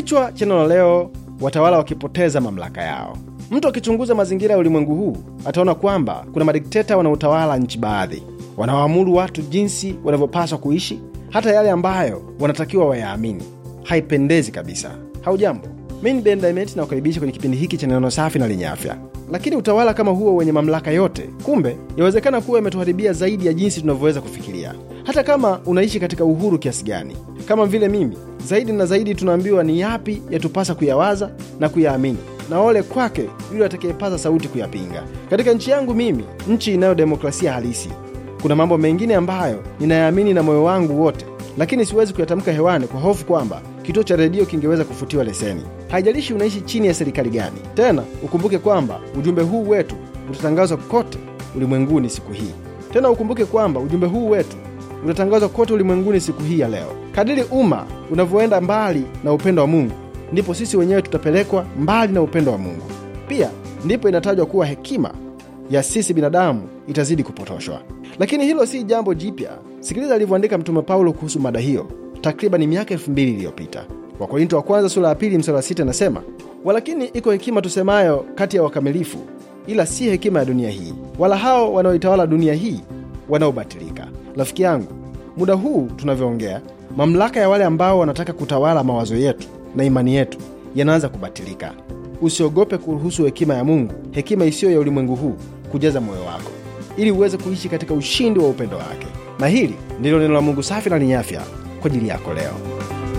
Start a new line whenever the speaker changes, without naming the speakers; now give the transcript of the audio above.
Kichwa cha neno leo, watawala wakipoteza mamlaka yao. Mtu akichunguza mazingira ya ulimwengu huu ataona kwamba kuna madikteta wanaotawala nchi baadhi, wanawaamuru watu jinsi wanavyopaswa kuishi, hata yale ambayo wanatakiwa wayaamini. Haipendezi kabisa. Haujambo, mimi ni Ben na nakukaribisha kwenye kipindi hiki cha neno safi na lenye afya. Lakini utawala kama huo wenye mamlaka yote, kumbe yawezekana kuwa yametuharibia zaidi ya jinsi tunavyoweza kufikiria, hata kama unaishi katika uhuru kiasi gani. Kama vile mimi zaidi na zaidi tunaambiwa ni yapi yatupasa kuyawaza na kuyaamini, na ole kwake yule atakayepaza sauti kuyapinga. Katika nchi yangu mimi, nchi inayo demokrasia halisi, kuna mambo mengine ambayo ninayaamini na moyo wangu wote, lakini siwezi kuyatamka hewani kwa hofu kwamba kituo cha redio kingeweza kufutiwa leseni. Haijalishi unaishi chini ya serikali gani. Tena ukumbuke kwamba ujumbe huu wetu utatangazwa kote ulimwenguni siku hii. Tena ukumbuke kwamba ujumbe huu wetu utatangazwa kote ulimwenguni siku hii ya leo. Kadiri umma unavyoenda mbali na upendo wa Mungu, ndipo sisi wenyewe tutapelekwa mbali na upendo wa Mungu. Pia ndipo inatajwa kuwa hekima ya sisi binadamu itazidi kupotoshwa. Lakini hilo si jambo jipya. Sikiliza alivyoandika Mtume Paulo kuhusu mada hiyo takribani miaka elfu mbili iliyopita. Wakorinto wa kwanza sura ya pili mstari wa sita inasema, walakini iko hekima tusemayo kati ya wakamilifu, ila si hekima ya dunia hii, wala hao wanaoitawala dunia hii wanaobatilika. Rafiki yangu, muda huu tunavyoongea, mamlaka ya wale ambao wanataka kutawala mawazo yetu na imani yetu yanaanza kubatilika. Usiogope kuruhusu hekima ya Mungu, hekima isiyo ya ulimwengu huu, kujaza moyo wako ili uweze kuishi katika ushindi wa upendo wake. Na hili ndilo neno la Mungu safi na ni afya kwa ajili yako leo.